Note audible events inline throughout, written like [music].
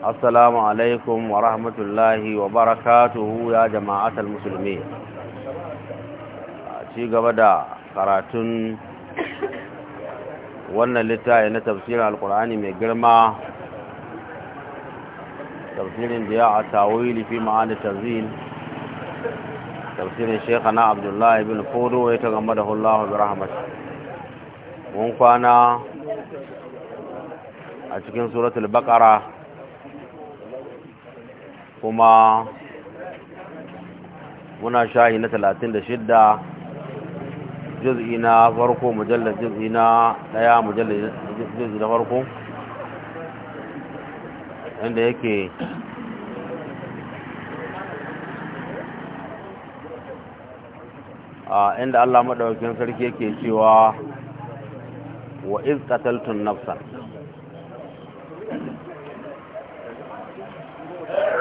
السلام عليكم ورحمة الله وبركاته يا جماعة المسلمين شيء قبدا قراتن وانا لتاي نتفسير القرآن من قرمة تفسير ضياء التاويل في معاني التنزيل تفسير شيخنا عبد الله بن فودو ويتغمده الله برحمته mun kwana a cikin suratul baqara kuma muna shahi na 36 juz'i na farko mujallar juz'i na daya mujallar juz'i na farko inda yake a inda Allah madaukakin sarki yake cewa wa iz qataltun nafsan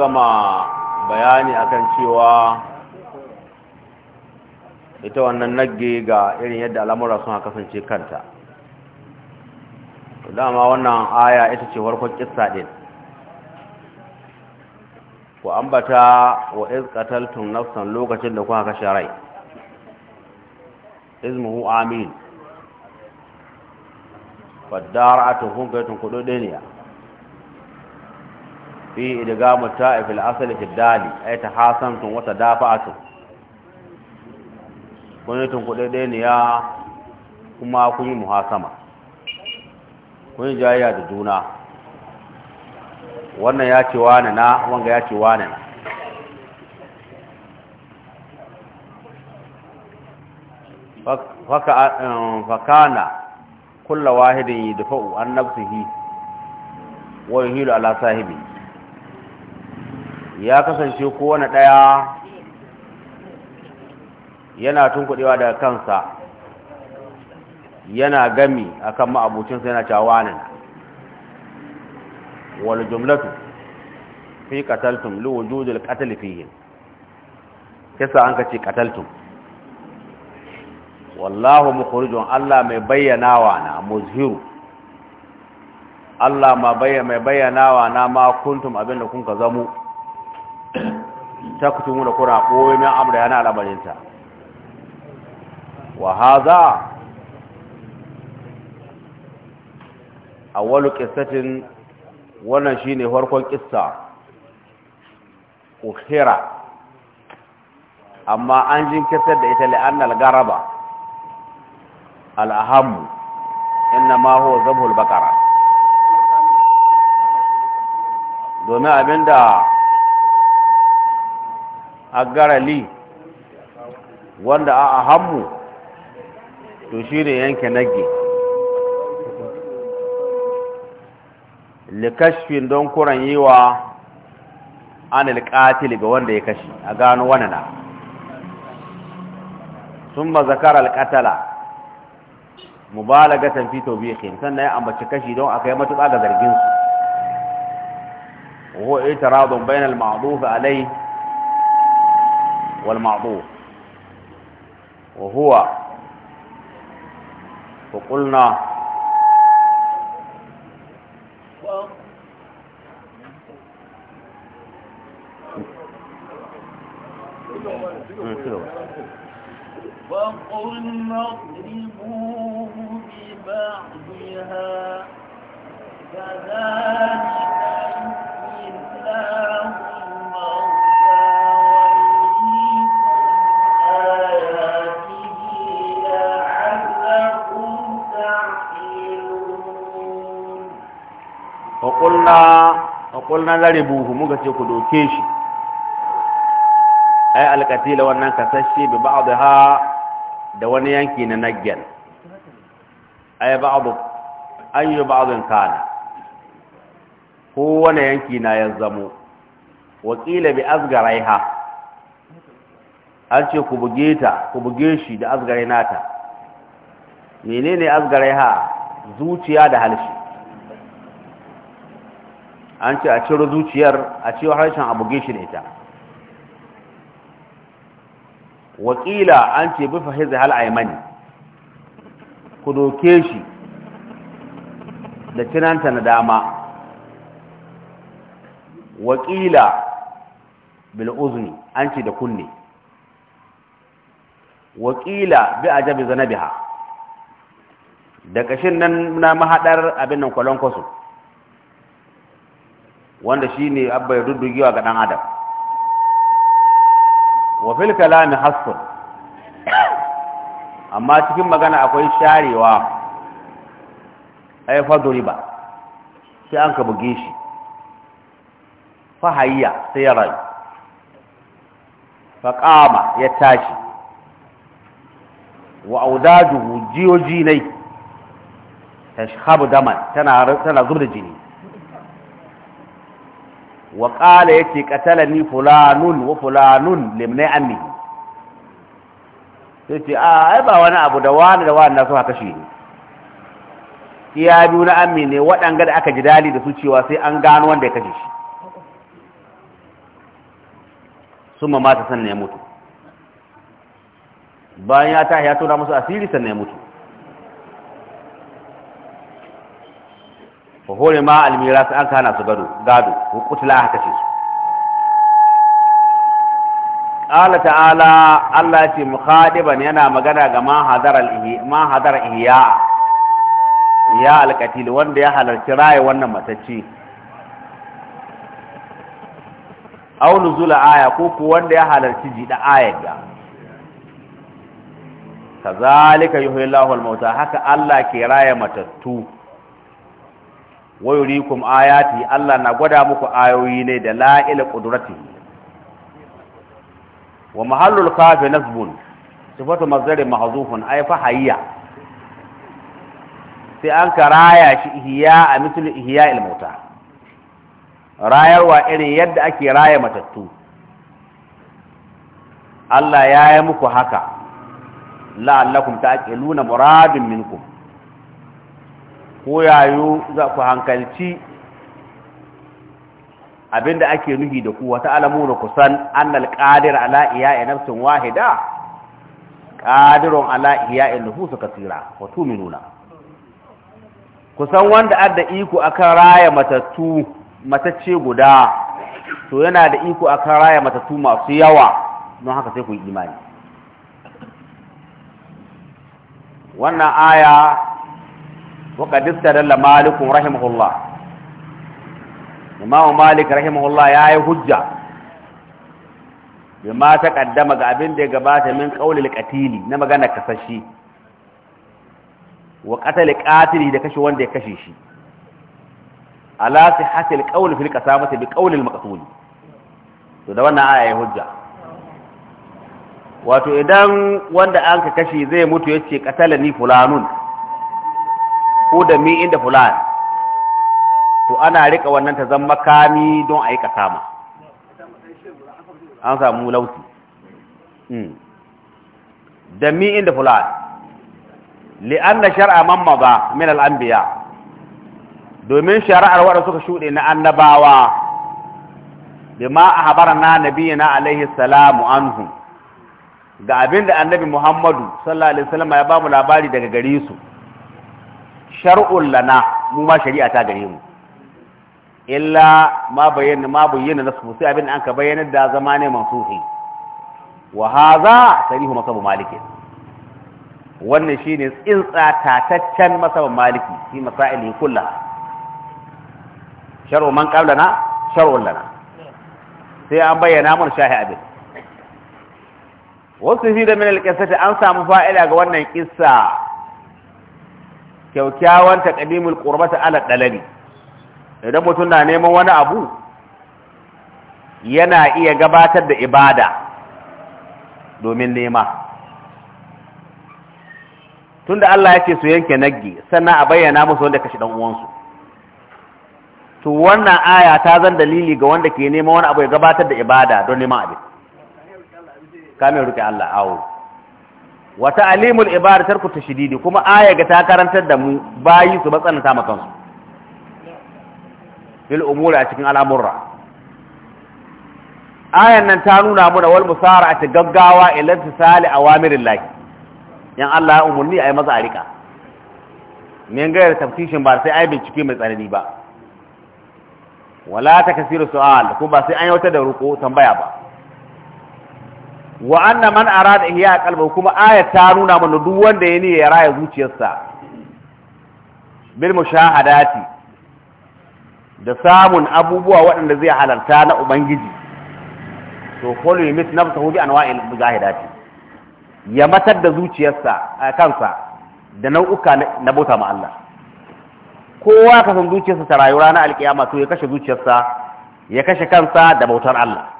gama bayani akan cewa ita wannan nagge ga irin yadda al'amura suna kasance kanta dama wannan aya ita ce warkon kissa din ku ambata wa iz qataltum nafsan lokacin da kuka kashe rai izmuhu amin fadara'atu kun ga tun kudo fi idgamu ta'i fil asli fi dali ay tahasantum wa tadafa'atum kunitun ku daidai ne ya kuma kun yi muhasama kun yi jayayya da juna wannan ya ce wani na wanga ya ce wani na fakana kulla wahidin yi dafa'u an nafsihi wa yuhilu ala sahibi ya kasance kowane ɗaya yana tunkuɗewa daga kansa yana gami akan ma'abucinsa yana cawanin wani jumlatu fi qataltum li wujudil qatl fihi kisa an kace qataltum wallahu mukhrijun Allah mai bayyanawa na muzhiru Allah ma bayyana mai bayyanawa na ma kuntum abinda kun ka zamu ta kutu kura kuna ɓoye abu da yana lamarinta wa haza a wani ƙistatin wannan shi ne farkon ƙista ukhira amma an jinkirtar da ita la'annal garaba al'ahammu inna ma huwa zabhul baqara domin abinda garali wanda a ahammu to shi ne yanke nage likashfin don kuran yi wa an ga wanda ya kashi a gano wani na sun ba zakar alƙatala mubalagatan fito biyakin sannan ya ambaci kashi don aka yi matuɓa ga zarginsu wa ita radon bayan al alai والمعضوف وهو وقلنا فقلنا اضربوه ببعضها كذلك kulna buhu muka ce ku doke shi ai alqatila wannan kasashe bi ba'daha da wani yanki na nagyan ai ba'du ayyu ba'dun kana ko wani yanki na ya zamo wakila bi ha. an ce ku buge ta ku buge shi da asgarai nata menene asgarai ha zuciya da halshi an ce a ciro zuciyar a ciwo harshen abu shi da ita wakila an ce bi zai hal aimani ku doke shi da cinanta na dama wakila bil uzni an ce da kunne wakila bi a ajabi zanabiha da kashin nan na mahadar abin nan kwalon kwaso wanda shine abba ya giwa ga dan adam wa fil kalami hasr amma cikin magana akwai sharewa ai faduriba sai an ka buge shi fahayya sai ya rayu faƙama ya tashi wa audaduhu jiyoji jinai. tashhabu daman tana tana zubda jini wa ƙala ya ce ƙatalani fulanun wa fulanun limnai ammi sai ce a ah, ai ba wani abu da wani da wani na haka shi ne iya biyu na ammi ne waɗanga da aka ji dali da su cewa sai an gano wanda ya kashe shi sun mamata sannan ya mutu bayan ya tahi ya tona musu asiri sannan ya mutu fahore ma almira sai an kana su gado gado ko kutula haka ce su qala ta'ala Allah ce mukhadiban yana magana ga ma hadar al ma hadar ya alqatil wanda ya halarci raye wannan matacce aw nuzula aya ko ko wanda ya halarci jida ayar da kazalika yuhyi Allahu mauta haka Allah ke raye matattu wa yurikum ayati Allah na gwada muku ayoyi ne da la'ila qudrati wa mahallul kafi nasbun sifatu mazdari mahzufun ay fa hayya sai an karaya shi ihya a mitul ihya al mauta rayarwa irin yadda ake raya matattu Allah ya yi muku haka la'allakum ta'qiluna muradin minkum ko yayo za ku hankalci abinda ake nuhi da ku wata alamuna kusan annal qadir ala iya'i nafsin wahida qadirun ala iya'i nufus katira wa tu'minuna kusan wanda adda iko akan raya matattu matacce guda to yana da iko akan raya matattu masu yawa don haka sai ku yi imani wannan aya وقد استدل مالك رحمه الله إمام مالك رحمه الله يا حجة بما تقدم قابل دي قبات من قول القتيل نما قانا كسشي وقتل قاتل دي كشي وان دي كشيشي على صحة القول في القسامة بقول المقتول ده وانا آية حجة wato idan wanda an ka kashe zai mutu ya ce katala ni fulanun ko da mi inda fulan to ana rika wannan ta zama kami don a yi kasama an samu lauti hmm. da mi inda fulan na shar'a mamma ba min al'ambiya, domin shari'ar waɗanda suka shuɗe na annabawa bima Nabiya na alaihi salamu anhu ga abinda annabi Muhammadu sallallahu alaihi salama ya ba mu labari daga gare su shar'un lana mu ma shari'a ta gare mu illa ma bayyana ma bayyana nasu sai abin an ka bayyana da zama ne mansuhi wa hadha sarihu masabu maliki wannan shine tsinsa tataccen masabu maliki fi masailihi kullaha shar'u man qablana shar'un lana sai an bayyana mun shahi abin wasu fi da min an samu fa'ila ga wannan kissa kyaukyawan taqdimul qurbata ala dalali idan mutum na neman wani abu yana iya gabatar da ibada domin nema tunda Allah ya ce su yanke nagge sannan a bayyana musu wanda kashi dan uwansu to wannan aya ta zan dalili ga wanda ke neman wani abu ya gabatar da ibada don neman abin kamin rike Allah awo wa ta'limul ibada tarku tashdidi kuma aya ga ta karantar da mu bayi su matsananta maka kansu fil umuri a cikin al'amurra ayan nan ta nuna mu da wal musara'ati gaggawa ila tisali awamirillahi yan Allah ya umurni ayi maza arika men ga tafsishin ba sai ayi bincike mai tsanani ba wala takasiru su'al kuma ba sai an yi wata da ruko tambaya ba wa anna man arada ihya qalbi kuma ayat ta nuna mana duk wanda ya niyya ya raya zuciyarsa bil mushahadati da samun abubuwa waɗanda zai halarta na ubangiji to kullu yumit nafsuhu bi anwa'il mujahidati ya matar da zuciyarsa a kansa da nau'uka na bauta ma Allah kowa ka san zuciyarsa ta rayuwa na alkiyama to ya kashe zuciyarsa ya kashe kansa da bautar Allah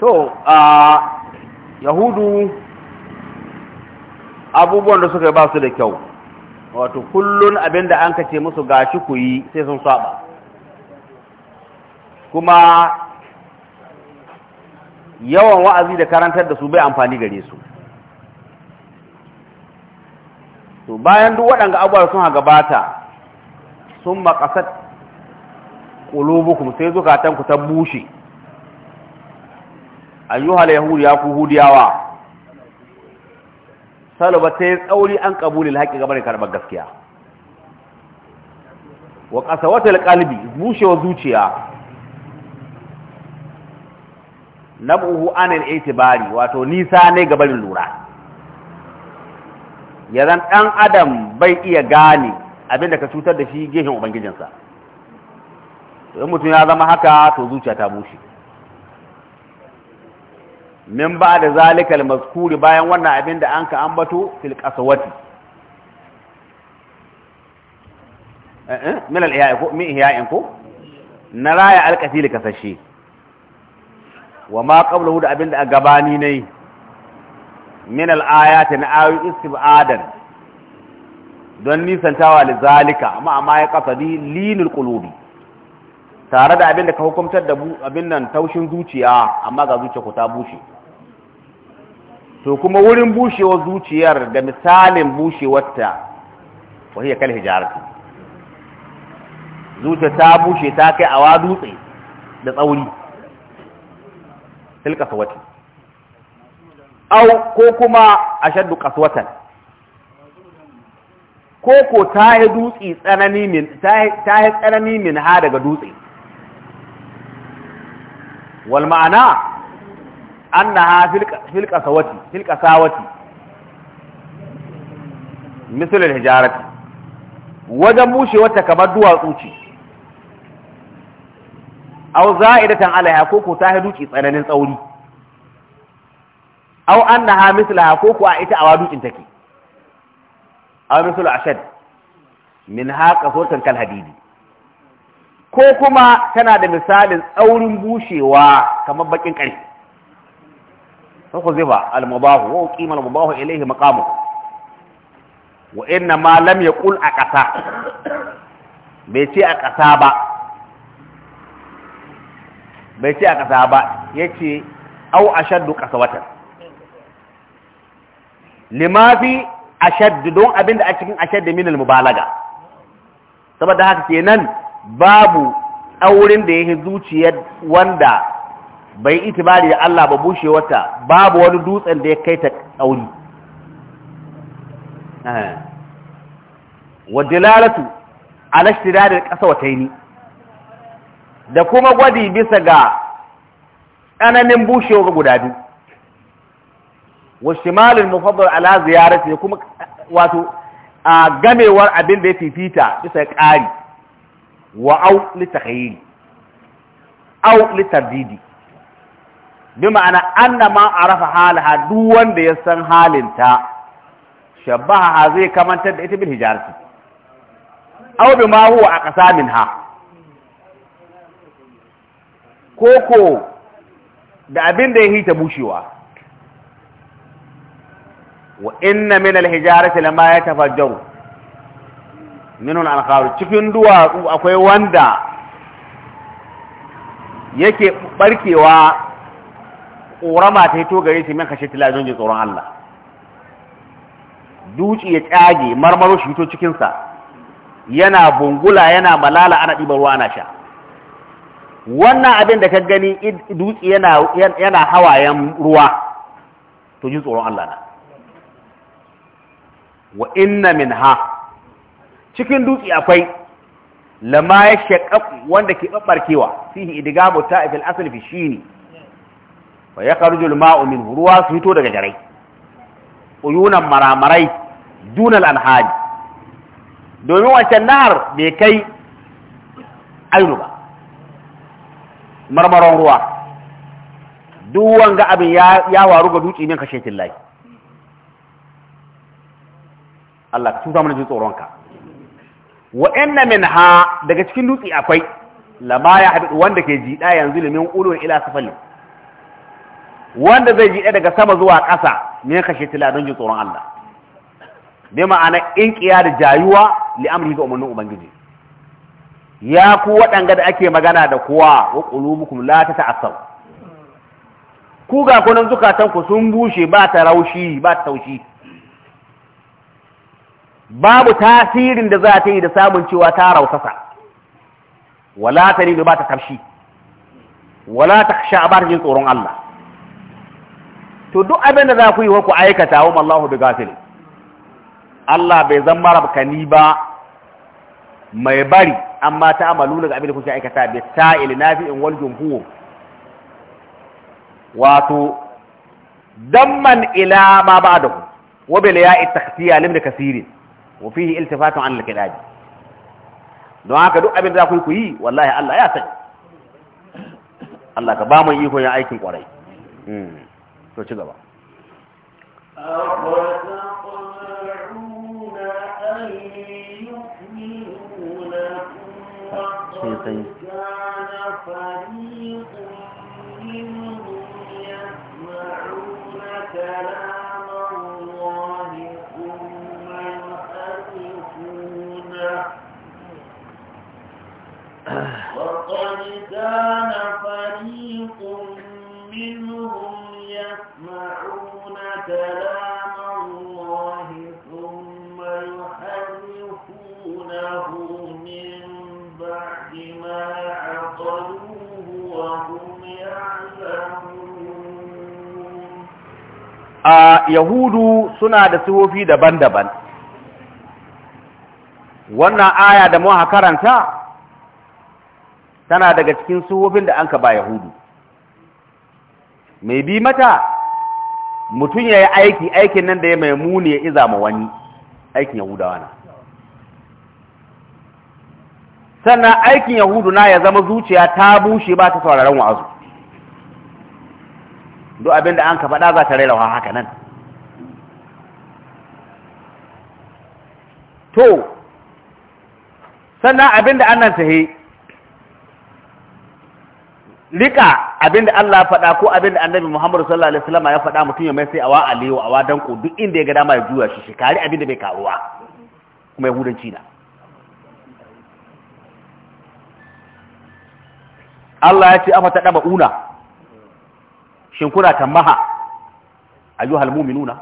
to a yahudu abubuwan da suka ba su da kyau wato kullun abinda an kace musu gashi ku yi sai sun saba kuma yawan wa'azi da karantar da su bai amfani gare su to bayan duk waɗanda abuwa sun gabata sun makasar ƙulubukum sai zukatanku ta bushe ayyuhal yahud ya ku hudiyawa salaba sai tsauri an kabulil haqi gaba da karɓar gaskiya wa ƙasawatar kalbi bushewa zuciya nabuhu anil itibari wato nisa ne gabarin lura ya dan ɗan adam bai iya gane abinda ka cutar da shi gehen ubangijinsa to mutum ya zama haka to zuciya ta bushe min ba da zalikal maskuri bayan wannan abin da an ka ambato fil qasawati eh, eh, min al ko min ihya'in ko na raya alqatil kasashe wa ma qablahu da abin da gabani ne min al-ayati na ayu istibadan don nisantawa li zalika amma amma ya qasadi linul qulubi tare da abin da ka hukumtar da abin nan taushin zuciya amma ga zuciya ku ta bushe to kuma wurin bushewar zuciyar da misalin bushewarta wahiyar kan hijarati zuciya ta bushe ta kai awa dutse da tsauri tilka sawati au ko kuma ashaddu qaswatan ko ko ta yi dutse tsanani min ta yi tsanani min ha daga dutse wal ma'ana annaha fil qasawati fil qasawati misal al hijarati wajen wata kamar duwatsu ce aw za'idatan alaiha ko ko ta hidu tsananin tsauri aw annaha mislaha ko ko a ita a wadukin take aw mislu ashad min haqa sultan kal hadidi ko kuma tana da misalin tsaurin bushewa kamar bakin ƙarfi فخذف المباه وقيم المضاف إليه مقامه وإنما لم يقول أكسا بيتي أكسا با بيتي أكسا با يتي أو أشد كسوة لما في أشد دون أبين أشكين أشد من المبالغة ده haka kenan babu aurin ده yake zuciyar wanda bai itibari da Allah ba bushe wata babu wani dutsen da ya kai ta kauri eh. wadda dalalatu a ishtidad al ƙasa wa tayni da kuma gwadi bisa ga tsananin bushewar guda biyu wa shimalul mufaddal ala ziyarati kuma wato a gamewar abin da ya fifita bisa ƙari wa au litakayi au litardidi bi ma'ana anna ma arafa halaha duk wanda ya san halinta shabaha zai kamantar da ita bil hijarati aw bi ma huwa aqsa minha koko da abin da ya hita bushewa wa inna min al hijarati lama yatafajjaru minun al cikin duwatsu akwai wanda yake barkewa ƙorama ta hito gare shi min kashe tilazon ji tsoron Allah duci ya tsage marmaro shi hito cikinsa yana bungula yana malala ana ɗiba ruwa ana sha wannan abin da ka gani dutse yana hawayen ruwa to ji tsoron Allah na wa inna min ha cikin dutse akwai lama ya wanda ke ɓaɓɓarkewa fihi idigamu asali fi shi fa ya jul ma'u min ruwa su fito daga jarai uyunan maramarai dunal alhaji domin wancan nahar bai kai ainu ba marmaron ruwa duk wanga abin ya waru ga dutse ne ka shetin Allah ka tuta mana jin tsoronka wa inna minha daga cikin dutse akwai lama ya hadu wanda ke jiɗa yanzu limin ulul ila safalin wanda zai ji daga sama zuwa ƙasa ne kashe tila don jin tsoron Allah bi ma'ana in kiya da jayuwa li'amri ga umarnin ubangiji ya ku waɗanga da ake magana da kowa wa qulubukum la tata'assaw ku ga kunan zukatan ku sun bushe ba ta raushi ba ta taushi babu tasirin da za ta yi da samun cewa ta rausasa wala ta ba ta tafshi wala ta kasha ba ta jin tsoron Allah to duk abin da za ku yi wa ku aikata wa Allahu bi gafil Allah bai zan marabkani ba mai bari amma ta amalu daga abin da kuke aikata bi sa'il nafi'in wal jumhur wato damman ila ma ba'dahu wa bil ya'i takhtiya lim da kasirin wa fihi iltifatun an al-kidaj don haka duk abin da za ku yi wallahi Allah ya sani Allah ka ba mu iko ya aikin kwarai hmm. to ci gaba sai وقد كان فريق منهم يسمعون كلام الله ثم يحرفونه من بعد ما عقلوه وهم يعلمون يهود سنة wannan aya da muka karanta tana daga cikin suwofin da anka ba yahudu mai bi mata mutum ya yi aiki aikin nan da ya mai muni ya iza ma wani aikin yahudawa na sannan aikin yahudu na ya zama zuciya ta bushe ba ta sauraron wa'azu duk abin da an ka faɗa za ta rairawa haka nan to sannan abin da ta tahe rika abinda Allah ya faɗa ko abinda Annabi Muhammad sallallahu alaihi wasallam ya faɗa mutum ya mai sai awa aliyu awa danko duk inda ya ga dama ya juya shi shi kare abinda bai karuwa kuma yahudanci na Allah ya ce afa ta daba una shin kuna tambaha ayyuhal mu'minuna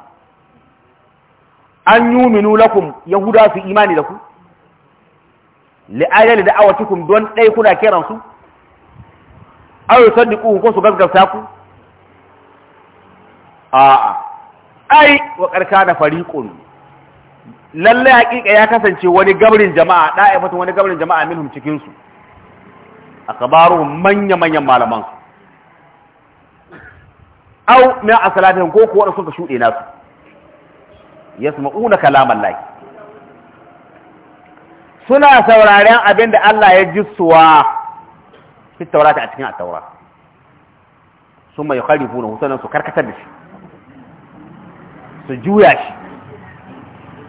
an yuminu lakum yahuda su imani da ku li ajali da'awatikum don dai kuna su sadi yusaddiqu ko su gaskata ku a'a ai wa da fariqun lalle hakika ya kasance wani gabrin jama'a mutum wani gabrin jama'a minhum cikin su akabaruhum manya manyan malaman su aw min asalafihim ko ko wanda suka shude nasu yasma'una kalaman laki. suna sauraren abinda Allah ya jissuwa في التوراة a cikin attaura sun mai khalifu na hutunan su karkatar da shi su juya shi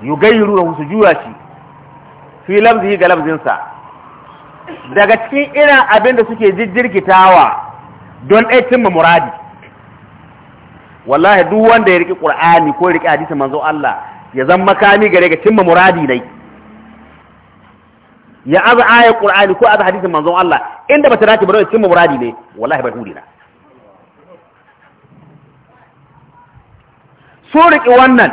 yugayyiru na su juya shi ga daga cikin irin abin da suke tawa, don ɗaya cimma muradi wallahi duk wanda ya riƙi ƙur'ani ko ya riƙi hadisin manzo Allah ya zama makami gare ga cimma muradi dai ya aza ayar qur'ani ko aza hadisin manzon Allah inda bata dace bare cin muradi ne wallahi bai hudi na su riki wannan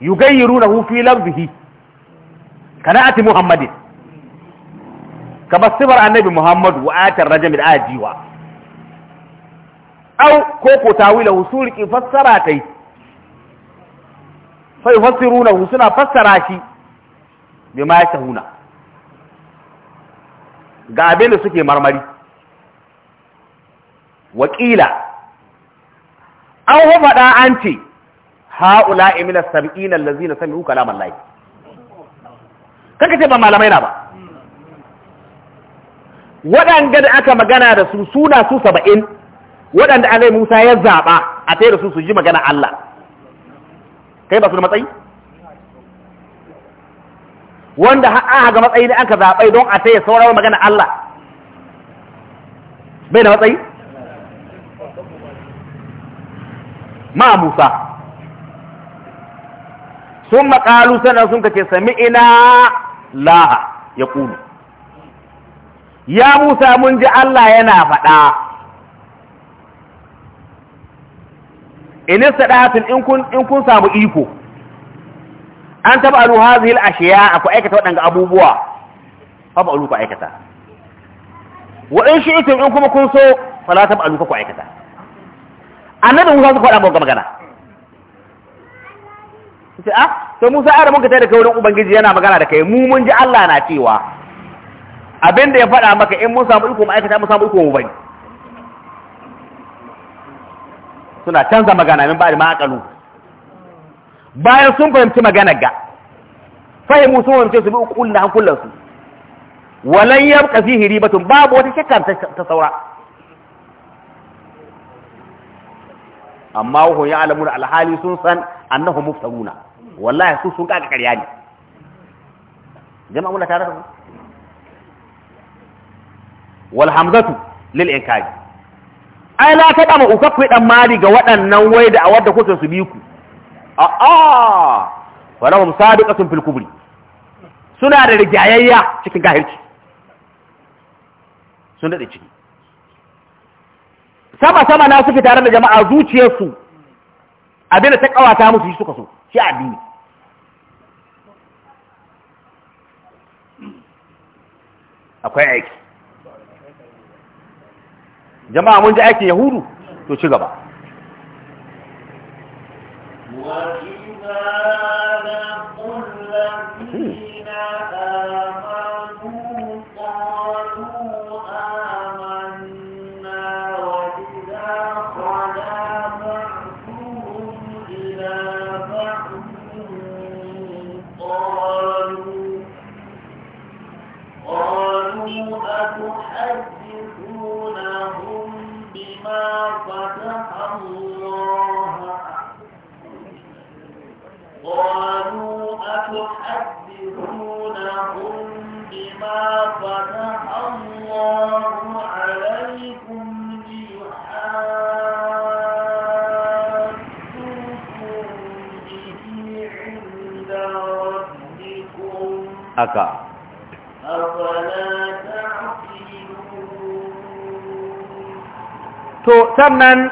yugayyirunahu fi lafzihi kana'ati muhammadin kama sibar annabi muhammadu wa atar rajamil ajiwa au ko ko tawilahu su riki fassara ta yi tai fa yufassirunahu suna fassara shi bima yasahuna ga abin da suke marmari wakila an faɗa an ce ha'ula imina sab'in allazi sami hukala mallaye kanka ce ba malamai na ba waɗanda da aka magana da su suna su saba'in waɗanda alai musa ya zaɓa a tsaye da su su ji magana allah kai ba su da matsayi wanda aka ga matsayi ne aka zaɓai don a taya saurawar magana Allah bai da matsayi? ma Musa sun maƙalu sannan sun kace sami ina laha ya ƙulu ya Musa mun ji Allah yana faɗa inista ɗatin in kun samu iko an tab'alu hadhihi al-ashiya akwai aikata waɗanda abubuwa fa alu ku aikata wa in shi'tum in kuma kun so fala tab'alu ku aikata annabi Musa ku faɗa muku magana sai a ah, to Musa ya da muka da kai wurin ubangiji yana magana da kai mu mun ji Allah na cewa abinda ya faɗa maka in mun samu iko mu aikata mun samu iko mu bari suna canza magana min ba da ma bayan sun fahimci maganar ga fahimu sun fahimci su bi uqul na hankulan su walan yabqa fihi ribatun babu wata shakka ta saura amma wa ya alamuna alhali sun san annahu muftaruna wallahi su sun kaka ƙarya ne jama'a mun tare da ku wal hamzatu lil inkari ai la ta dama ukakku dan mari ga waɗannan wai da awadda kuke su bi ku a'a wa lahum sadiqatun fil kubri suna da rigayayya cikin gahirci sun dade ciki sama sama na su tare da jama'a zuciyarsu abinda ta kawata musu shi suka so shi addini akwai aiki jama'a mun ji aikin yahudu to ci gaba Lord sannan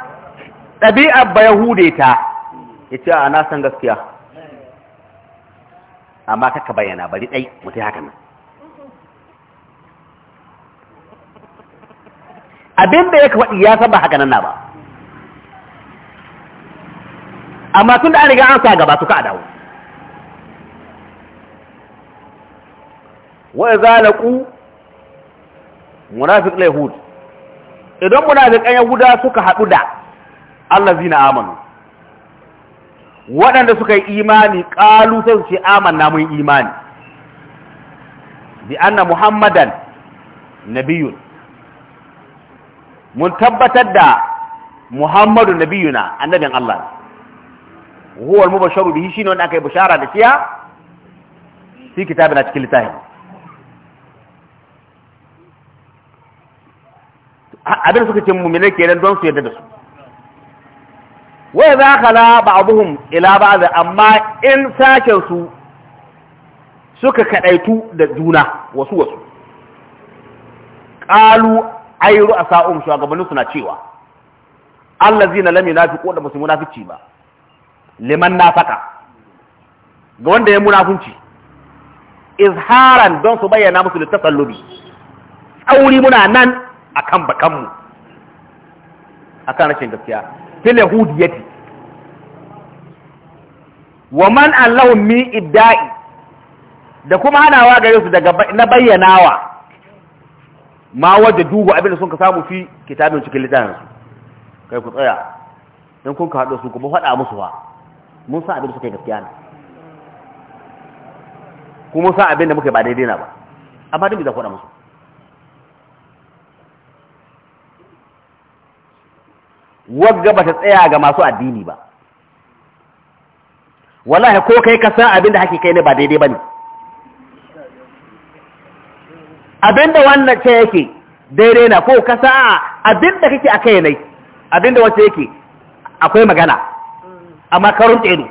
ɗabi'ar ba yahude ta ya ce a nasan gaskiya amma kaka bayyana bari ɗai mutu haka nan abin da ya faɗi ya saba haka nan na ba amma tun da an riga an sa gaba su ka a dawo wa zalaku munafiq la idan muna da munafiqan guda suka haɗu da Allah zina amanu waɗanda suka yi imani ƙalu sai su ce na mun imani bi anna muhammadan nabiyun mun tabbatar da muhammadu nabiyuna annabin Allah huwa al-mubasharu bihi shine wanda aka yi bishara da kiya fi kitabina cikin littafin abin suka ce mu'minai kenan don su yarda da su Wai za wa ba khala ba'dhum ila da amma in sake su suka kaɗaitu da juna wasu wasu Ƙalu qalu a asa'um shugabannin suna cewa Allah lami na fi da musu munafici ba liman na faka ga wanda ya munafunci izharan don su bayyana musu da tasallubi tsauri muna nan a kan bakanmu kan rashin gaskiya fil yahudiyati wa man allahu mi ibda'i da kuma hanawa gare su daga na bayyanawa ma wajen dubu abin da sun ka samu fi kitabin cikin littafin su kai ku tsaya in kun ka haɗu su kuma faɗa musu ba mun san abin da suka yi gaskiya ne kuma san abin da muka ba daidai na ba amma duk da faɗa musu wagga ba ta tsaya ga masu addini ba wallahi ko kai ka san abinda hake kai ne ba daidai bane abinda wannan ce yake daidai na ko ka san abinda kake kai ne abinda wace yake akwai magana amma karun tsere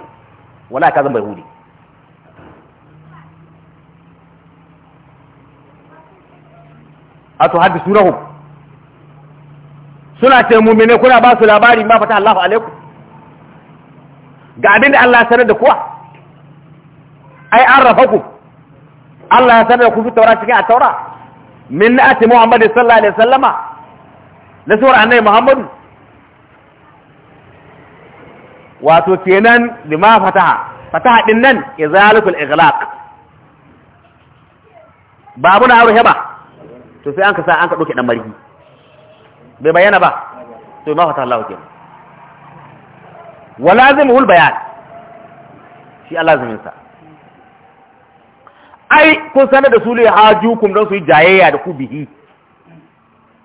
wallahi ka zan bai hudi a to haddisu rahum suna ce mummine kuna ba su labari ba fata Allahu alaikum ga abin da Allah sanar da kuwa ai an rafa ku Allah ya sanar da ku fi taura cikin a taura min na ati Muhammadu sallallahu alaihi wasallama na suwar annai Muhammadu wato kenan lima fataha fataha din nan ya izalikul ighlaq babu na aure ba to sai an ka sa an ka ɗauke ɗan marihi bai bayyana ba to ma fata Allah kenan walazimu hul bayan shi Allah zamin sa ai kun sanar da su ju hajukum don su yi jayayya da ku bihi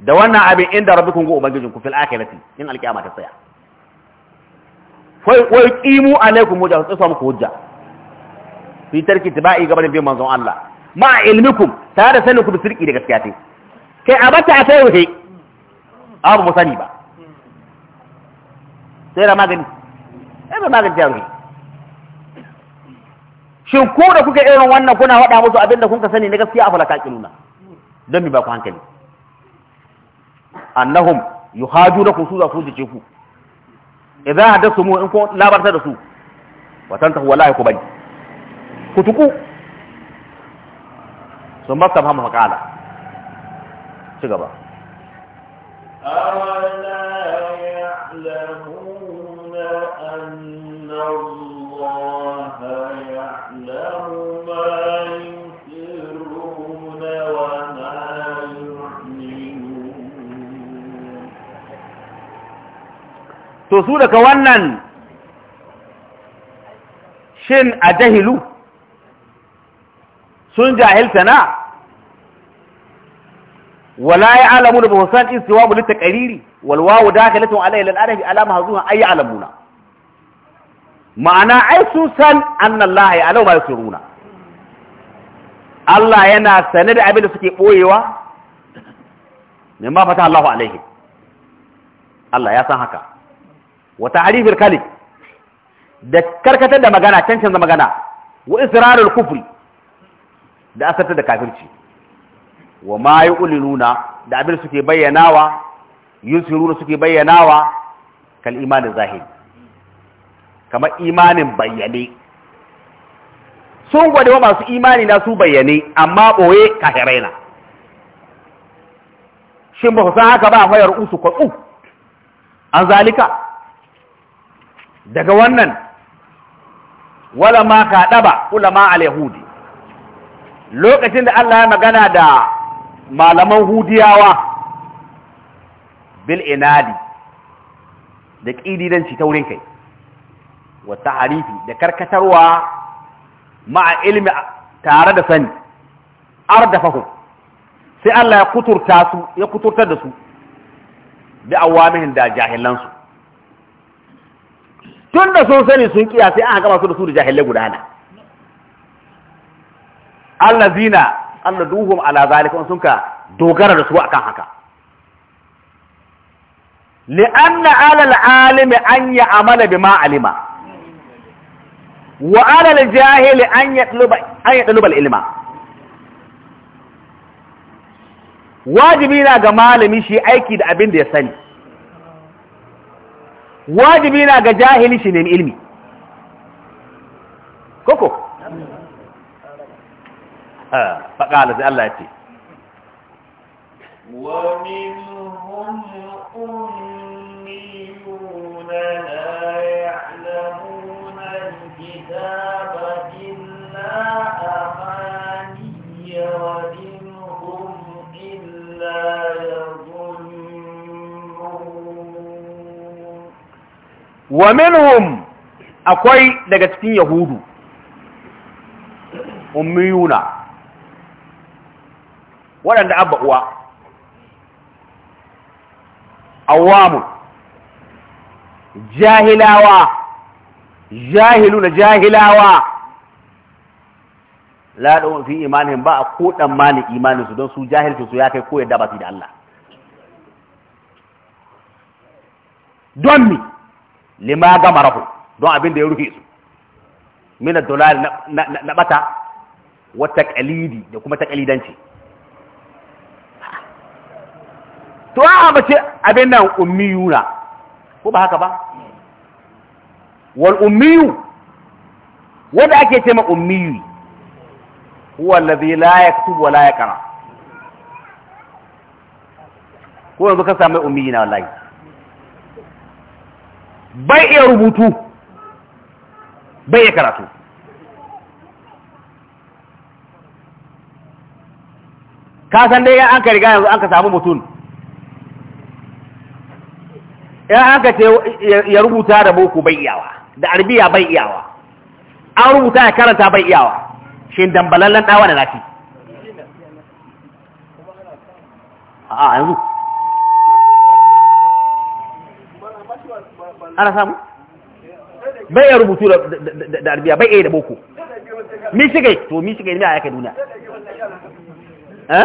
da wannan abin inda rabbikum go ubangijin ku fil akhirati in alkiyama ta tsaya wai wai qimu alaikum hujja su samu hujja fi tarki tibai gaban bin manzon Allah ma ilmikum tare da sanin ku da sirki da gaskiya kai abata a sai abu mu sani ba sai da magani sai da magani jami'i shin ko da kuka irin wannan kuna faɗa musu abin da kuka sani na gaskiya a falaka kiluna don mi ba ku hankali annahum yuhaju lakum su za su jice ku idan hadathu mu in ko labarta da su watan ta wallahi ku bani ku tuku sun ba ta fahimta ala ci gaba to su daga wannan shin a jahilu sun jahilta na wala ya alamu da bahusan istiwa mu lita kariri walwawu dakhilatun alayhi lil arabi alama hazuha ay alamuna ma'ana ai su san annallahi alau ma yusiruna Allah yana sane da abin da suke boyewa ne ma fata Allahu alaihi Allah ya san haka wa ta'rifil kalim da karkatar da magana cancanza magana wa israrul kufri da asartar da kafirci wa ma yu'linuna da abin suke bayyanawa yusiruna suke bayyanawa kal imanin zahiri kamar imanin bayyane sun gwadewa masu imani na su bayyane amma boye kahiraina shin ba san haka ba a fayar usu kwatsu an zalika daga wannan wala ma ka daba ulama alayhudi lokacin da Allah ya magana da malaman hudiyawa bil inadi da ƙididanci taurin kai wata harifi da karkatarwa ma'a ilmi tare da sani ardafahu sai Allah ya kuturta su ya kuturtar da su bi awamihin da jahilansu tun da sun sani sun kiya sai an gaba su da su da jahilai gudana allazina alladuhum ala zalika sun ka dogara da su akan haka anna ala alim an ya amala bima alima wa ala al-jahili an yatluba an yatluba al-ilma wajibi na ga malami shi aiki da abin da ya sani wajibi na ga jahili shi ne ilmi koko آه، فقال sai الله يتي ومنهم أميون لا يعلمون الكتاب إلا أماني ومنهم إلا يظنون ومنهم أقوي لقد يهود أميون waɗanda abba uwa awamun jahilawa jahilu na jahilawa la da fi imanin ba a koɗan imanin su don su jahilci su ya kai ko yadda ba su da Allah don mi lima gama rahu don abin da ya rufe su mina dolari na ɓata wata ƙalidi da kuma ta ƙalidanci. to an ambace abin nan na, ko ba haka ba wal ummiyu wanda ake ce ma ummiyu huwa allazi la yaktubu wa la yaqra ko yanzu ka samu ummiyu na wallahi bai iya rubutu bai iya karatu ka san dai an ka riga yanzu an ka samu mutum in aka ce ya rubuta da boko bai iyawa da arbiya bai iyawa an rubuta ya karanta bai iyawa shi dambalallen ɗawa da zafi a yanzu ana samu bai ya rubutu da arbiya bai iya da boko mi shiga to mi shiga ne a yaka duniya eh?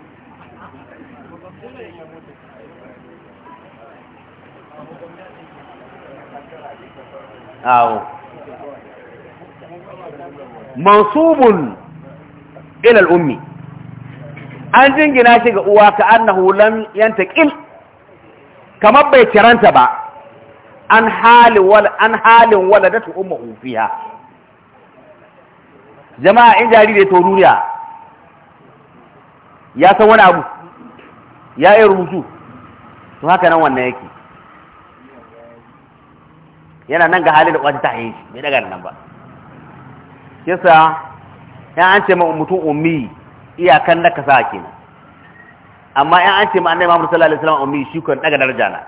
awo mansubun ilal ummi an jingina shi ga uwa ka annahu lam yantaqil kamar bai kiranta ba an halin wala an halin waladatu ummuhu fiha jama'a in jarire to duniya ya san wani abu ya yi rubutu to haka nan wannan yake yana nan ga halin da wata ta yi shi bai daga nan ba yasa ya an ce ma mutum ummi iyakan na kasa kenan amma ya an ce ma annabi Muhammad sallallahu alaihi wasallam ummi shi kan daga daraja na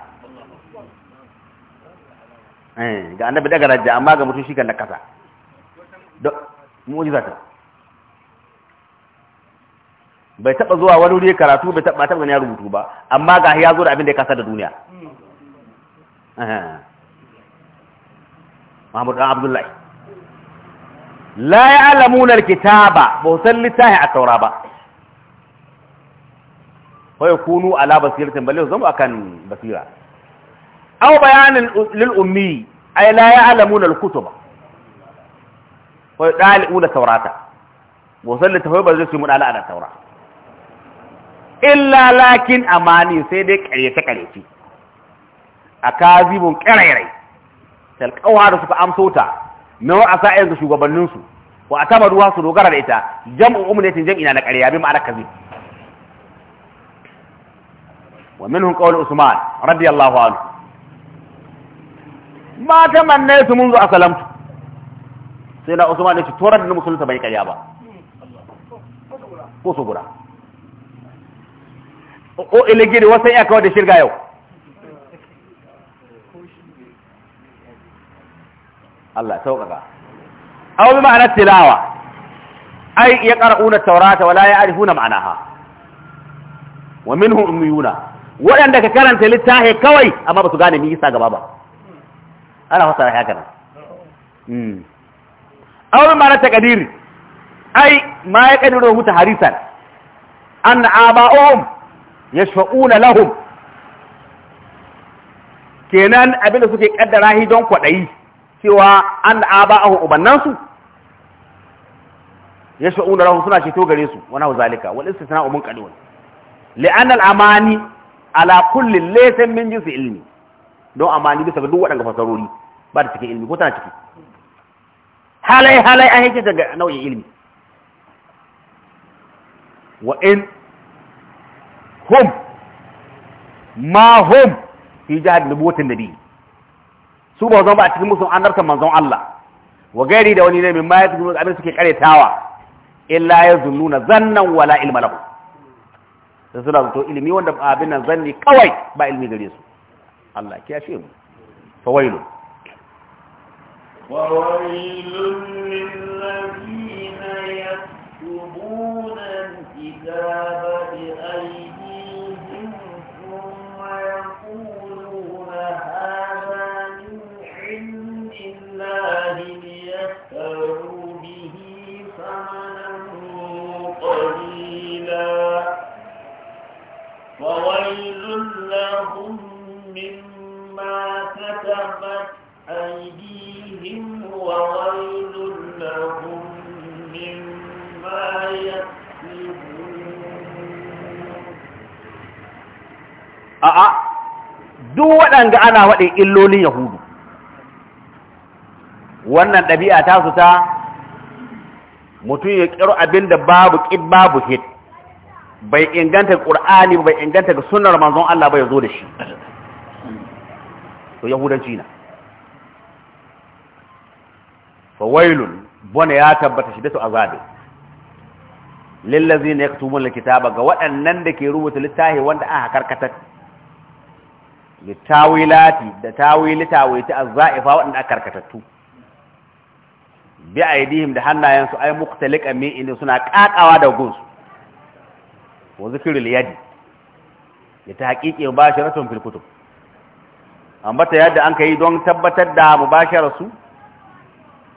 eh ga annabi daga daraja amma ga mutum shi kan na kasa mu'jiza ta bai taba zuwa wani wuri karatu bai taba taba ganin ya rubutu ba amma ga ya zo da abin da ya kasa da duniya eh. Mahmud dan Abdullahi la ya ya'lamuna alkitaba ba san littafi a taura ba fa yakunu ala basiratin bal yazamu kan basira Au bayanin Ai la ya ay la ya'lamuna alkutuba fa yadaluna taurata ba san littafi ba zai su mu dala da taura illa lakin amani sai dai ƙaryace-ƙaryace a kazibin ƙararai talqawa da suka amso ta na wa asa yanzu shugabannin su wa atamaruha su dogara da ita jam'u umnatin jam'ina na ƙarya bi ma'ana kazi wa minhum qawl usman radiyallahu anhu ma tamanna su munzu asalamtu sai na usman ne ce torar da musulunta bai ƙarya ba ko su gura ko iligiri wasan iya kawar da shirga yau الله الله أو بمعنى التلاوة أي يقرؤون التوراة ولا يعرفون معناها ومنهم أميون وعندك كانت للتاهي كوي أما بسوغاني ميسا قبابا أنا أصلا حياتنا أو بمعنى التقدير أي ما يقدرونه تحريسا أن آباؤهم يشفؤون لهم كنان أبيل سكي قد راهي دون قد أيه cewa an da a aba'ahu ubannansu yashfa'una rahu suna ceto gare su wani hau zalika suna istisna'u munqadun li'an al amani ala kulli min jinsu ilmi don amani bisa ga duk waɗanda fasarori ba da cikin ilmi ko tana ciki halai halai an yake daga nau'in ilmi wa in hum ma hum fi jihad nubuwatin nabi su ba zama ba a cikin musu annabtan manzon Allah wa gairi da wani ne min ma ya tuzu abin suke karetawa illa ya zunnuna zannan wala ilma lahu da suna zato ilimi wanda abin nan zanni kawai ba ilimi gare su Allah ya shi mu fawailu wawailun lillazina yaktubuna alkitaba bi aydihim thumma yaquluna ga ana waɗe illolin yahudu wannan ɗabi'a ta su ta mutum ya ƙiro abin da babu ƙid babu hit bai inganta ƙur'ani bai inganta ga sunar manzon Allah bai zo da shi to yahudanci na fawailun bane ya tabbata shi da su azabi lillazina yaktubuna alkitaba ga waɗannan da ke rubuta littafi wanda aka karkatar littawilati da tawili tawaiti azza'ifa waɗanda aka karkatattu bi aidihim da hannayensu ai muqtalika min inda suna kakawa da gunsu wa zikrul yadi ya ta haƙiƙe mubasharatun fil kutub ambata yadda an kai don tabbatar da rasu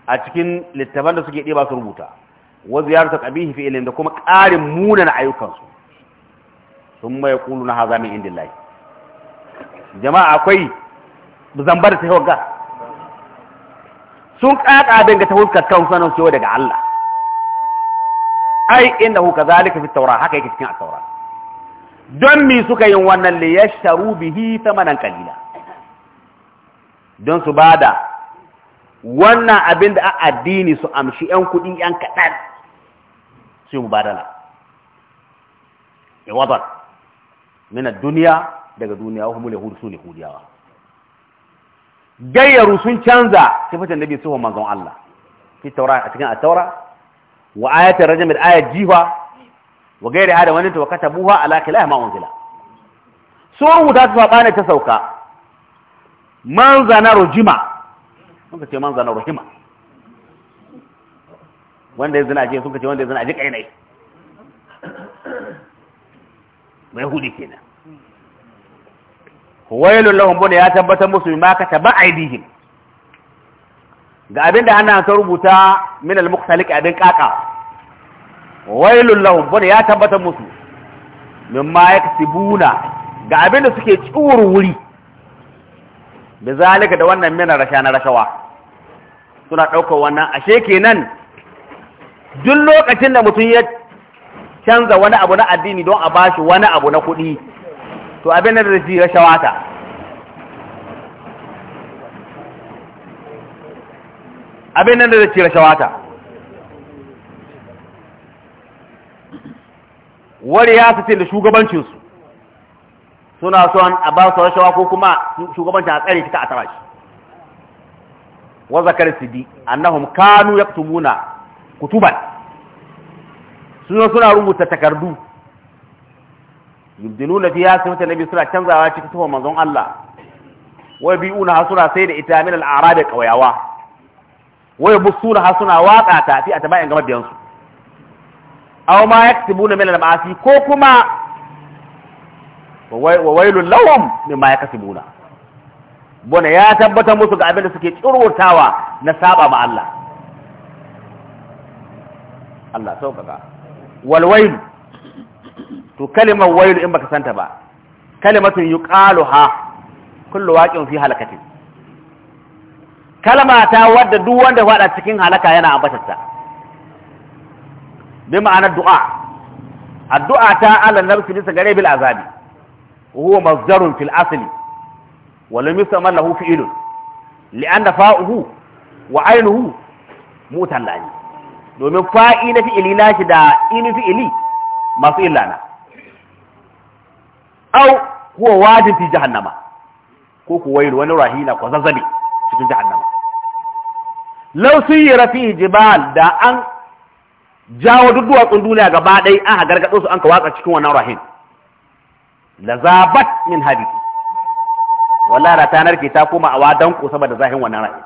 a cikin littafan da suke ɗiba su rubuta wa ziyaratu qabihi fi ilin da kuma ƙarin munana ayyukansu sun mai yaquluna hazamin indin indillahi jama'a akwai zambar da tafiya ga sun kaka abin ga ta huskar kan sanar cewa daga Allah ai inda hu kazalika fi taura haka yake cikin taura don mi suka yin wannan li yashtaru bihi thamanan qalila don su bada wannan abin da addini su amshi yan kudi yan kadan su mubadala ya wadar min ad-dunya daga duniya wa humul yahudu su ne hudiyawa gayyaru sun canza sifatan nabi suhu manzon Allah fi taura a cikin at-taura wa ayatul rajm da ayat jifa wa gairi hada wani ta katabuha ala khilafi ma unzila sun rubuta su sabana ta sauka man zana rujima suka ce man zana ruhima wanda ya zina je suka ce wanda ya zina aje kai ne mai hudi kenan wailun lahum bune ya tabbatar musu ma ka taba aidihim ga abinda ana ka rubuta min al mukhtalik abin kaka wailun lahum bune ya tabbatar musu mimma yaksibuna ga abinda suke tsuru wuri da zalika da wannan mena rasha na rashawa suna daukar wannan ashe kenan duk lokacin da mutum ya canza wani abu na addini don a bashi wani abu na kuɗi to abin da zai ji rashawa abin nan da zai ci rashawa wari ya su ce da shugabancinsu suna son a ba su rashawa ko kuma shugabancin a tsare ta a tara shi wa zakar sidi annahum kanu yaktumuna kutuban suna suna rubuta takardu na yubdiluna fiha sunnata nabi suna canzawa cikin sifar manzon Allah wa bi'una hasuna sai da ita min al-arabi qawayawa wa yabsuna hasuna waqa ta fi atba'in gamar diyansu aw ma yaktubuna min al-ma'asi ko kuma wa wailul lahum mimma yakasibuna bone ya tabbata musu ga abin da suke tsurwurtawa na saba ma Allah Allah sauƙaƙa walwailu to kalimar wailu in baka santa ba kalimatun yuqaluha kullu waqin fi halakatin kalma ta wadda duk wanda fada cikin halaka yana ambatarta bi ma'anar du'a addu'a ta ala nafsi bisa gare bil azabi huwa mazdarun fil asli wa lam yusamma lahu fi'lun li'anna fa'uhu wa ainuhu mutallani domin fa'i na fi'ili na shi da ini fi'ili masu illana aw huwa wadin fi jahannama ko ku wayr wani rahila ko zazzabi cikin jahannama law suyira fihi jibal da an jawo duk duwatsun duniya gaba ɗaya an gargaɗo su an ka watsa cikin wannan rahil lazabat min hadisi wala da ta narke ta koma a wadan ku saboda zahin wannan rahil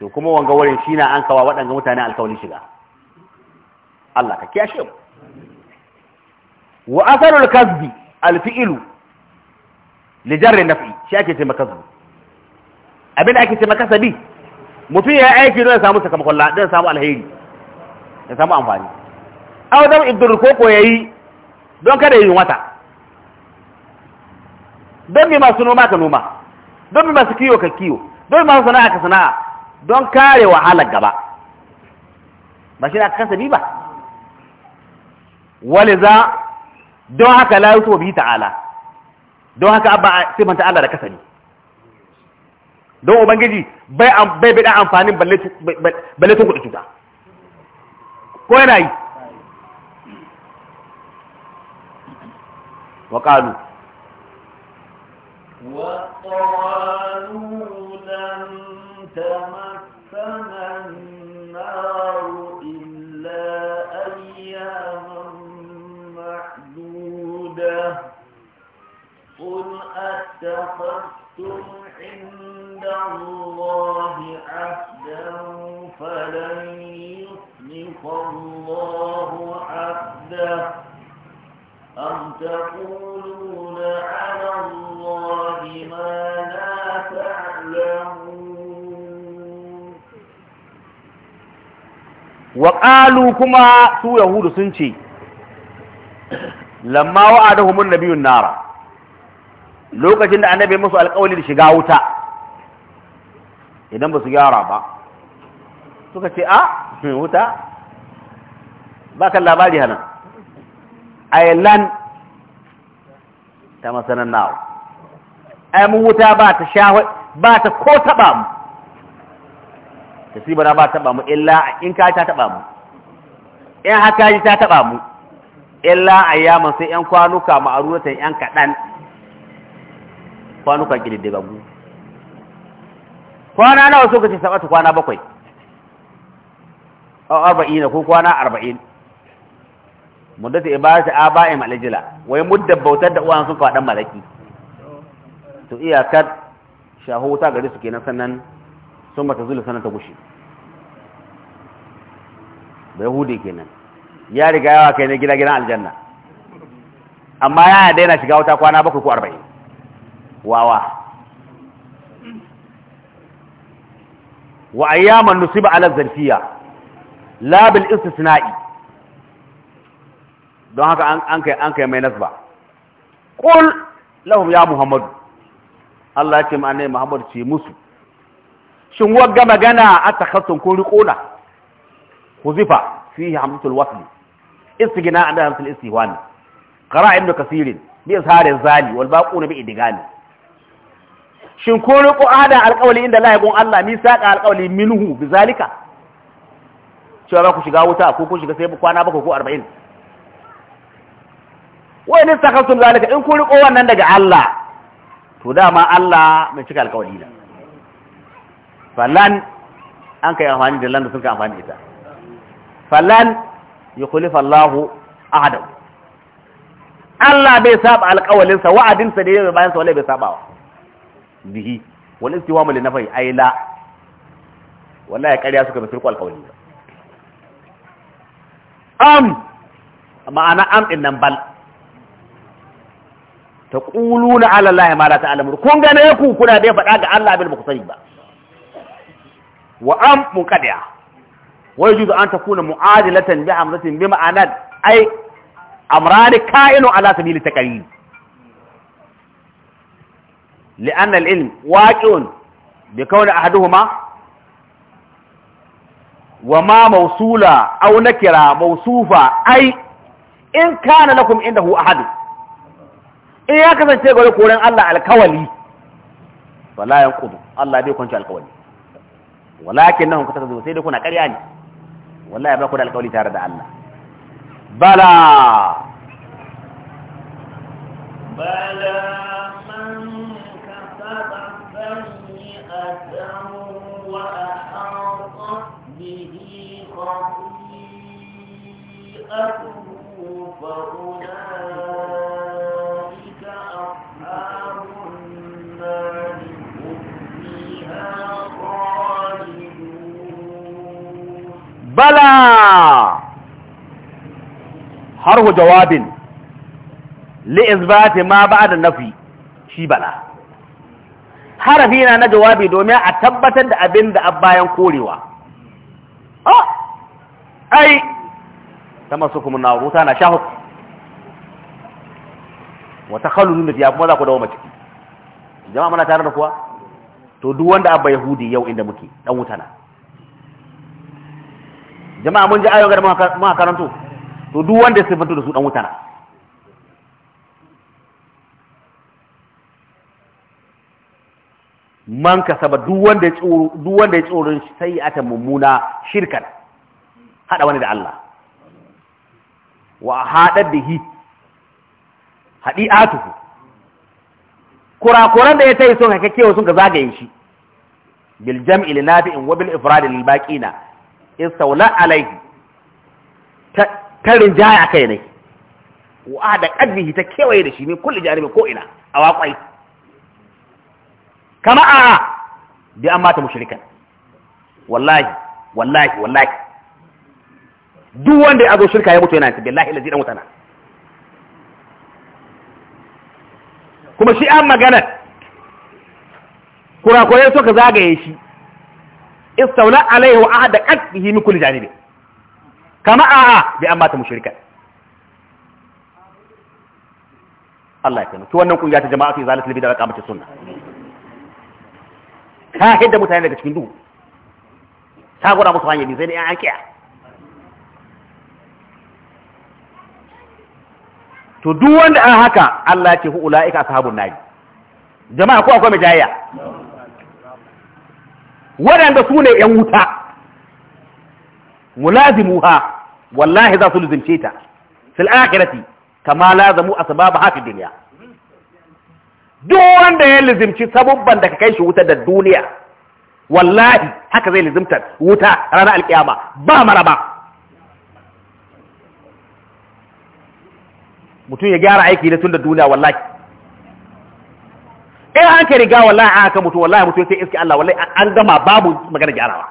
to kuma wanga wurin shi na an kawa waɗanda mutane alkawalin shiga Allah ka kiyashe mu wa asarul kasbi alfi'ilu li jarri naf'i shi ake ce makasbu abin da ake ce makasabi mutum ya aiki don ya samu sakamakon la don ya samu alheri ya samu amfani aw dam ibdur koko yayi don kada yin wata don me masu noma ka noma don me masu kiyo ka kiyo don masu sana'a ka sana'a don kare wahalar gaba ba shi na kasabi ba za. don haka la yusu bihi ta'ala don haka abba sai manta Allah da kasani don ubangiji bai bai bai da amfanin balle kudu cuta ko yana yi wa qalu wa qalu lan tamassana أتخذتم عند الله عهدا فلن يخلف الله عهده أم تقولون على الله ما لا تعلمون وقالوا كما سو يهود سنشي lamma wa'adahum an-nabiyyu an-nara lokacin da annabi musu alƙawalin shiga wuta idan ba su gyara ba suka ce a ah, [laughs] wuta ba kan labari yi lan ta masanan nawa aimun wuta ba ta shahwai ba ta ko taɓa mu ta sibira ba taɓa mu illa in ka ta taɓa mu in haka ji ta taɓa mu illa ayyaman sai 'yan kwanuka ma'arunatan 'yan kaɗan kwanuka kididdigaggu kwana nawa suka ce sabatu kwana bakwai aw arba'in ko kwana arba'in muddatu ibadati aba'im malajila wai muddat bautar da uwan sun kawadan malaki to iyakar ta gari su kenan sannan sun mata zulu sannan ta gushi da yahudi kenan ya riga yawa kai na gida gidan aljanna amma ya daina shiga wata kwana bakwai ko arba'in wawa wa ayyaman nusiba ala zarfiya la bil istisna'i don haka an kai an kai mai nasba qul lahum ya muhammad Allah ya ce ma ne muhammad ce musu shin wagga magana atakhassum ko riqona huzifa fihi hamzatul wasl istighna'an da hamzatul istihwan qara'a ibn kasir bi ishar az-zali wal baquna bi idghali shin ko riƙo ada alƙawali inda Allah yabon Allah ni saƙa alƙawali minhu bizalika cewa ba ku shiga wuta ko ku shiga sai kwana bakwai ko arba'in wai ne sun zalika in ku ko wannan daga Allah to dama Allah mai cika alƙawali da Fallan an kai amfani da lan da sun kai amfani ita falan yukhlifa Allah ahadahu Allah bai saba alƙawalinsa wa'adinsa da yayin bayan sa wala bai sabawa bihi wal istiwamu li nafai ay la wallahi ƙarya suka bi alƙawli am ma'ana am din nan bal taquluna ala allahi ma la ta'lamun kun gane ku kuna da faɗa ga Allah abin ba ku sani ba wa am munqadi'a wa yajuzu an takuna mu'adilatan bi amratin bi ma'anat ay amrani ka'inu ala sabili takariri لأن العلم واقع بكون أحدهما وما موصولة أو نكرة موصوفة أي إن كان لكم عنده أحد إن يكسن شيء يقول الله الكولي فلا ينقض الله بيكون شيء الكولي ولكنهم كتبوا سيدكم أكرياني والله يبقى كل الكولي تارد الله بلى بلى رحمة وأحاطت به خطيئته فأولئك أصحاب النار فيها خالدون بلى حرف جواب لإثبات ما بعد النفي شي بلى harafi na na jawabi domin a tabbatar da abin da bayan korewa oh ai ta masu kuma na ruta na shahu wata halulu da ya kuma za ku dawo maciki jama'a mana tare da kuwa to duk wanda abba yahudi yau inda muke dan wuta na jama'a mun ji ayon garma karanto to duk wanda ya sifantu da su dan wuta na man saba duk wanda ya tsoro shi sai ya tsoron sayyi'atan mummuna shirkan hada wani da Allah wa haɗi bihi hadi'atuhu kurakuran da ya tayi son ka kewa sun ka zagaye shi bil jam'i li nafi'in wa bil ifrad lil in istawla alaihi, tarin jaya kai ne wa da qadrihi ta kewaye da shi ne kulle janibi ko ina a waƙwai kama a bi an mata mushrikan wallahi wallahi wallahi duk wanda ya zo shirka ya mutu yana ta billahi lazi dan wutana kuma shi an magana so ka zagaye shi istaula alaihi wa ahada qadhihi min kulli janibi kama a bi an mata mushrikan Allah ya kai ki wannan kungiya ta jama'a fi zalatul bid'a wa qamati sunnah ka da mutane daga cikin duhu ta gwada musu hanyar sai da an ankiya to duk wanda an haka Allah ce hu ulaika ashabun nari jama'a ko akwai majaya waɗanda su ne ‘yan wuta, mulazimuha wallahi za su luzimce ta, fil akhirati kama lazamu a sababa hafi duniya. duk wanda ya lizimci sabubban da ka kai shi wuta da duniya wallahi haka zai lizimta wuta ranar alkiyama ba maraba mutum ya gyara aiki na tun da duniya wallahi in an ka riga wallahi an haka mutu wallahi mutum sai iska Allah wallahi an gama babu magana gyarawa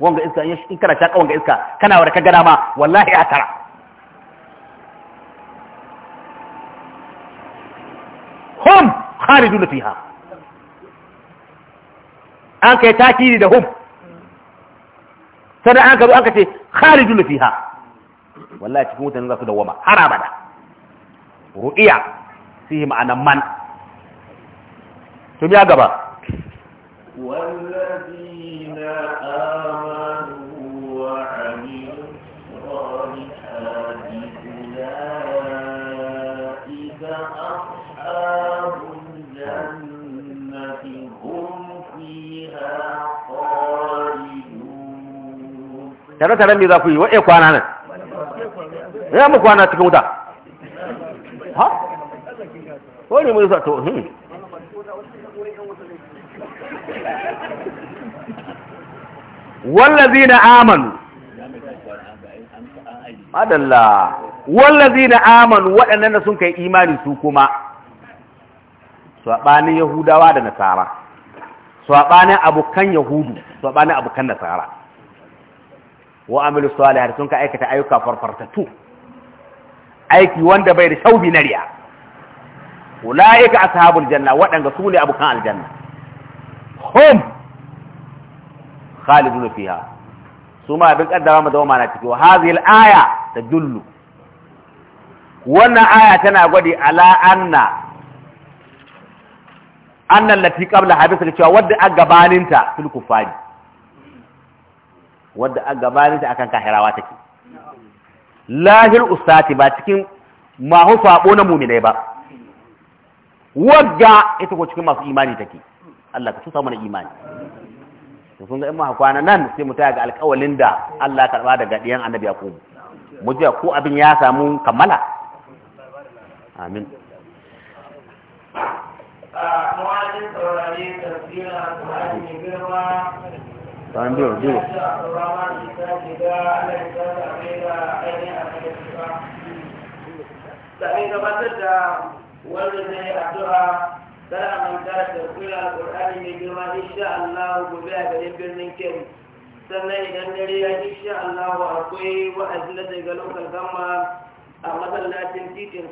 wanga iska in kana shaka wanga iska kana wada ka gada ma wallahi a tara هم خالدون فيها أنك تأكيد ده سنة أنك أنك خالدون فيها والله تكون تنظر دوما حرابة رؤية فيهم أنا من ثم قبا والذين آمنوا tare tare me za ku yi wa'e kwana nan ya mu kwana cikin wuta ha ne mu yasa to hmm wallazina amanu madalla wallazina amanu waɗannan da sun kai imani su kuma sabanin yahudawa da nasara sabanin abokan yahudu sabanin abokan nasara wa amilu salihat sun ka aikata ayyuka farfartatu aiki wanda bai da shaubi na riya ulaika ashabul janna wadanga su ne abukan aljanna hum khalidun fiha suma bin kaddara mu dawama na ciki wa hadhihi al tadullu wannan aya tana gwadi ala anna annan lati qabla hadith cewa wadda a gabaninta fil kufari wadda a gabanin ta akan kahirawa take lahir ustati ba cikin mahu sabo na muminai ba wagga ita ko cikin masu imani take Allah ka tusa mana imani to sun ga in kwana nan sai mu taya ga alƙawalin da Allah ya karba daga diyan annabi Yakub mu ji ko abin ya samu kammala amin a ah, mu'adin saurari tafsirin alƙur'ani girma Sa'an biyu, biyu. Sa'in gabatar da wanda zai addu'a tana manta da kula alƙur'ani girma insha Allah gobe a garin birnin Kebbi. Sannan idan dare ya insha Allah akwai wa'azi na daga lokal gama a masallacin titin